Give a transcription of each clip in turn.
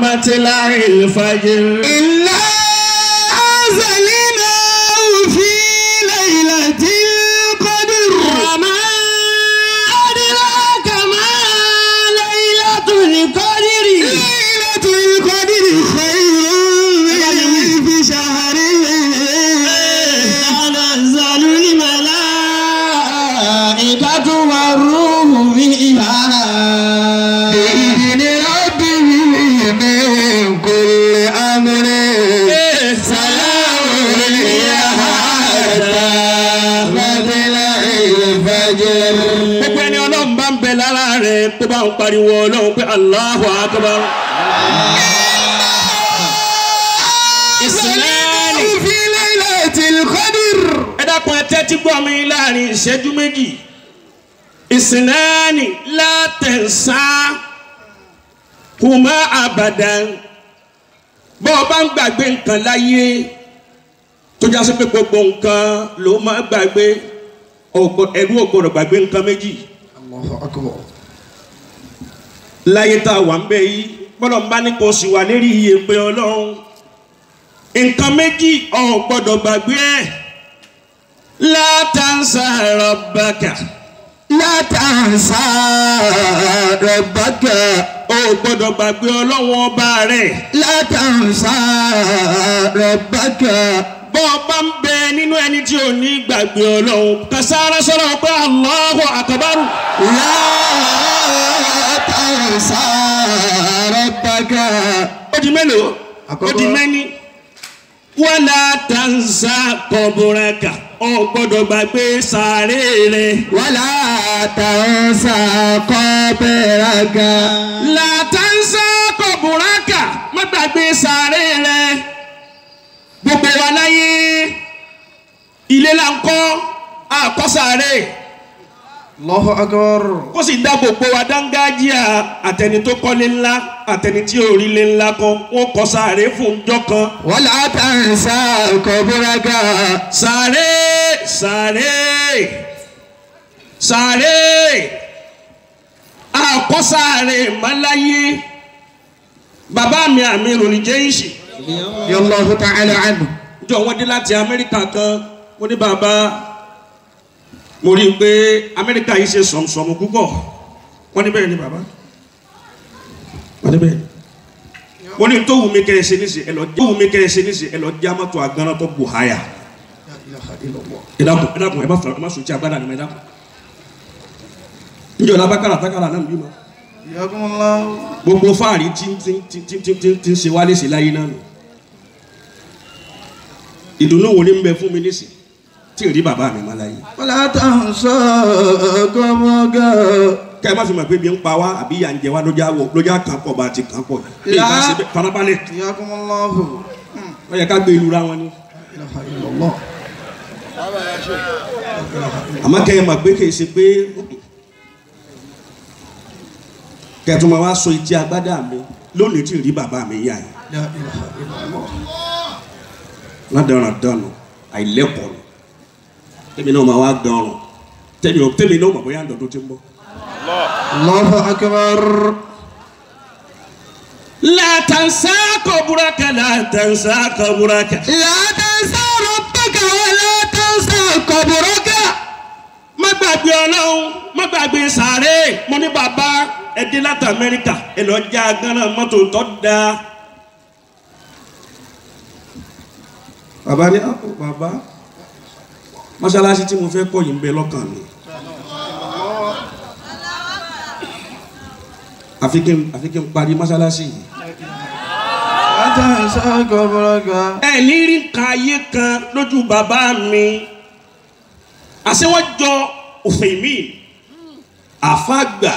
matilari fajiri. ilé. pariwo ọlọ́run pé Allahu Akbar. ìsìláàlì fi Laylatil Qadr. ẹ dákun ẹ tẹ́tí gbọ́ mi láàrin ìṣẹ́jú méjì ìsìláàlì la tansa huma abadan bọ́ ọ bá ń gbàgbé nǹkan láyé tó jásí pé gbogbo nǹkan ló máa gbàgbé ẹ̀rú ò gbàgbé nǹkan méjì. Allahu Akbar láyé tá a wà ń bẹ yìí bọ́lọ̀ ń bá ní kò sì wà lérí iye pé ọlọ́run nǹkan méjì ò gbọ́dọ̀ gbàgbé ẹ̀ látàǹsà rọ̀bàkà látàǹsà rọ̀bàkà ò gbọ́dọ̀ gbàgbé ọlọ́run ọba rẹ̀ látàǹsà rọ̀bàkà bọ́ ọba ń bẹ nínú ẹni tí ò ní gbàgbé ọlọ́run kàsára sọ̀rọ̀ pé Allahu akbaru. yáa àṣà rọ́bàkà. ó di mélòó ó di mẹ́ni wọ́lá tansa kọ̀bùrẹ́kà o gbọ́dọ̀ gbàgbé sàárè rẹ̀. wọ́lá tansa kọ̀bùrẹ́kà. la tansa kọ̀bùrẹ́kà má gbàgbé sàárè rẹ̀. gbogbo wa láyé ilé la ń kọ́ àkọ́sàárè. Allahu Akbar. kó sì dá gbogbo wa dángájíà àtẹni tó kọ́lé ńlá àtẹni tí ò rílé ńlá kan wọ́n kọ́ sáré fún ọjọ́ kan. wọ́n là á ta ń sa ọkọ̀ búraga. sáré sáré sáré àkọ́sáré mọ́láyé bàbá mi àmì ìròyìn jẹ́ ìṣì. yọlọ́hu ta'ala anhu. jọ wọ́n dé láti Amẹ́ríkà kan wọ́n ní bàbá mo rí i pé amẹ́ríkà yìí ṣe sọ̀mùsọ̀mù púpọ̀ wọ́n ní bẹ́ẹ̀ ni bàbá wọ́n ní bẹ́ẹ̀ ni wọ́n ní tó wù mí kẹ́ ẹ ṣe níṣe ẹ lọ jẹ́ wù mí kẹ́ ẹ ṣe níṣe ẹ lọ jẹ́ amátọ̀ agbára tó bù háyà ẹ dákun ẹ dákun ẹ má fà ẹ má sùn tí agbára ni ẹ dákun njọ laba karatakara náà bímọ. gbogbo fáàrí tí tí tí tí tí tí tí ń ṣe wálé sí láyé náà nù ìdùnnú wo ni ń bẹ fún mi nísìnyí tí ò rí bàbá mi mọ́ láyé. wọ́n láta ń sọ ọgọ́mọgọ́. kẹ́ ẹ má sì mọ̀ pé bí ń pa wá àbí ìyà ń jẹ wá lójá wọ lójá kan pọ̀ bá ti kan pọ̀ bí ìgbà ṣe bẹ́ẹ̀ farabalẹ̀. ìyàkùnmọ́lọ́hù. ó yẹ ká gbé ìlú ra wọn ni. àmọ́ kẹ́ ẹ mọ̀ pé kìí ṣe pé kẹ́tùmọ̀ wá so ìtì agbádá mi lónìí tí ò rí bàbá mi yá yẹn. ládàrán dànù àìlẹ́kọ̀ọ́ tẹ́mi náà máa wá gan ọ̀rùn tẹ́mi ò tẹ́mi náà mọ̀ bóyá ǹdọ̀dún ti ń bọ̀. Allahu akbar. La tansa kuburaka la tansa kuburaka. La tansa rabbaka la tansa kuburaka. Má gbàgbé ọlọ́run má gbàgbé sàárè mo ní bàbá ẹdín láti Amẹ́ríkà ẹ lọ já gánà mọ́tò tó dáa. Bàbá ni ah, Baba mọ́ṣáláṣí tí mo fẹ́ kọ́ yìí ń bẹ lọ́kàn mi. àfi kí n àfi parí mọ́ṣáláṣí yìí. ẹ ní rí nǹkan ayé kan lójú bàbá mi àṣẹ wọ́n jọ òfin mi àfàgbà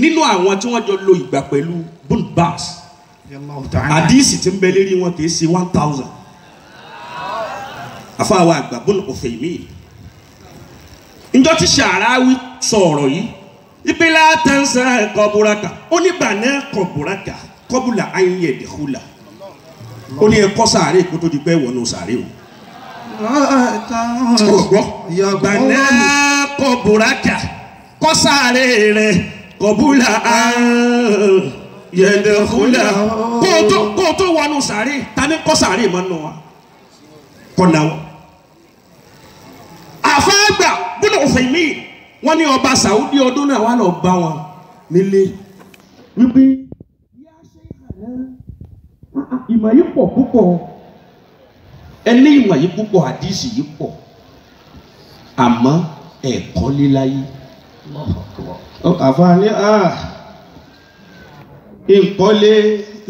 nínú àwọn tí wọ́n jọ lo ìgbà pẹ̀lú bulbas àdìsí tí ń bẹ lérí wọn kì í ṣe one thousand àfàwọ̀ àgbà bọ́ọ̀lù òfin mi njọ́ tí Sàráwí sọ ọ̀rọ̀ yìí ìpínlẹ̀ àtẹ̀sẹ̀ kọ̀bùràkà ó ní bàánà kọ̀bùràkà kọ́bùlà ayé ẹ̀dẹ̀kúlà ó ní ẹ̀kọ́ sàárè kó tó di pé wọnú sàárè o. bàánà kọ̀bùràkà kọ́ sàárè rẹ̀ kọ̀bùlà ayé ẹ̀dẹ̀kúlà kó tó wọnú sàárè tani kọ́ sàárè mọ́nú wa kọ́ náà àfáàgbà òfìmí wọ́n ní ọba Saudi ọdún náà wà lọ bá wọn nílé wípé yá ṣe ah, ah, ìmọ̀ yìí pọ̀ púpọ̀ ẹni ìmọ̀ yìí púpọ̀ àdìsí yìí pọ̀ àmọ́ ẹ̀kọ́ líláyé àfààní ah, ìkọ́lé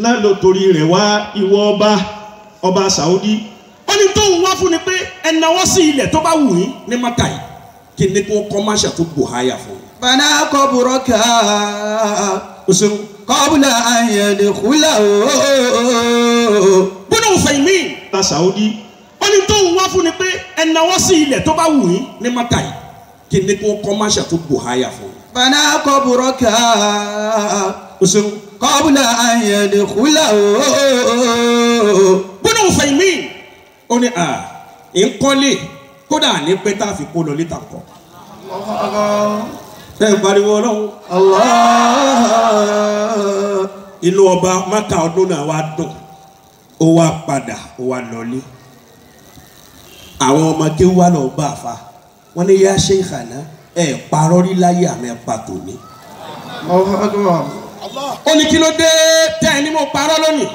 lánàá torí rẹ̀ wá ìwọ ọba ọba Saudi ó ní tóun wá fún ni pé ẹ̀nàwọ́ sí ilẹ̀ tó bá wù yín ní mọ́tà yìí kí ni kó kọ́máṣà tó bò háyà fún. bana kọ́bùrọ̀ ká. o ṣeun. kọ́bùlà ayẹ̀lẹ̀ kúlà ooo. bọ́dọ̀ òfin mi. ta sàódì. ó ní tó ń wá fún ni pé ẹnáwó sí ilẹ̀ tó bá wù yín ní mọ́tà yìí kí ni kó kọ́máṣà tó bò háyà fún. bana kọ́bùrọ̀ ká. o ṣeun. kọ́bùlà ayẹ̀lẹ̀ kúlà ooo. bọ́dọ̀ òfin mi. ó ní à ń kọ́lé kódà ní pé tá a fi kó lọ lítà kọ. ṣé n pariwo ọlọ́run. inú ọba maka ọdún náà wá dùn ó wá padà ó wá lọlé àwọn ọmọ kí wá lọ bá a fa wọn ní yá ṣe ìkànnà ẹ parọ́ rí láyé àmì ẹ̀pà tòní. ó ní kí ló dé tẹ́ ẹ ní mo parọ́ lónìí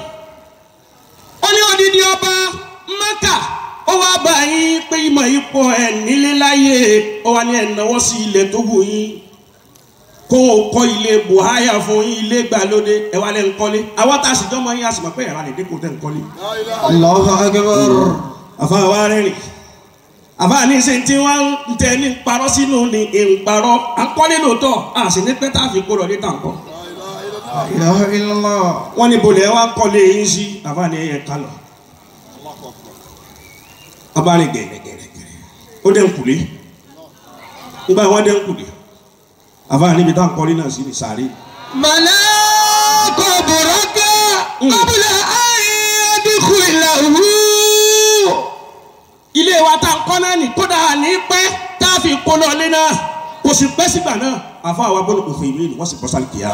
ó ní odidi ọba maka ó wá bá yín pé ìmọ̀ ipò ẹ̀ nílé láyé ó wá ní ẹ̀ náwó sí ilẹ̀ tó wù yín kó o kọ́ ilé buhaya fún yín ilé gbàlódé ẹ wá lẹ́ ń kọ́lé àwọn tá a sì jọ́mọ yín a sì mọ̀ pé ẹ̀rọ àlèdè kò tẹ́ ń kọ́lé. Allahu akbar. àfa wa rẹ́rìn àfa ní ṣe tí wọ́n ń tẹ ní parọ́ sínú ni ìparọ́ à ń kọ́lé lóòótọ́ a sì ní pẹ́ tá a fi kó lọ ní tàǹkọ́. wọ́n ní bolẹ̀ wá kọ́lé yín sí àfa ní ẹ̀yẹ kálọ̀ ọba rìn gẹ̀rẹ́gẹ̀rẹ́ ó dẹ̀ ń kùlé nígbà wọn dẹ̀ ń kùlé àfa níbi tá à ń kọ́rí náà sí ní sàárè. màlá kò bọ̀rọ̀ gbá mm. ọ̀bùnà ayé ẹ̀dínkù ìlàwú. ilé wa tá à kọ́ náà ní kódà ní pẹ́ tá a fi kó lọ lé náà sì pẹ́ sígbà náà àfọ àwọn abọ́lù kò fún ìbéèrè wọ́n sì bọ́ sálì kìyà.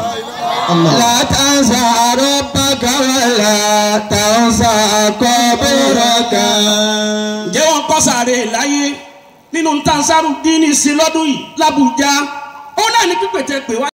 látàǹsà àrọ́ bàgàwàlà tàǹsà kọ́ bẹ́rẹ̀ kan. ǹjẹ́ wọ́n kọ́ sàárè láyé nínú táǹsàrù dín ní sí lọ́dún yìí lábújá ó náà ní pípẹ́tẹ́ pè wá.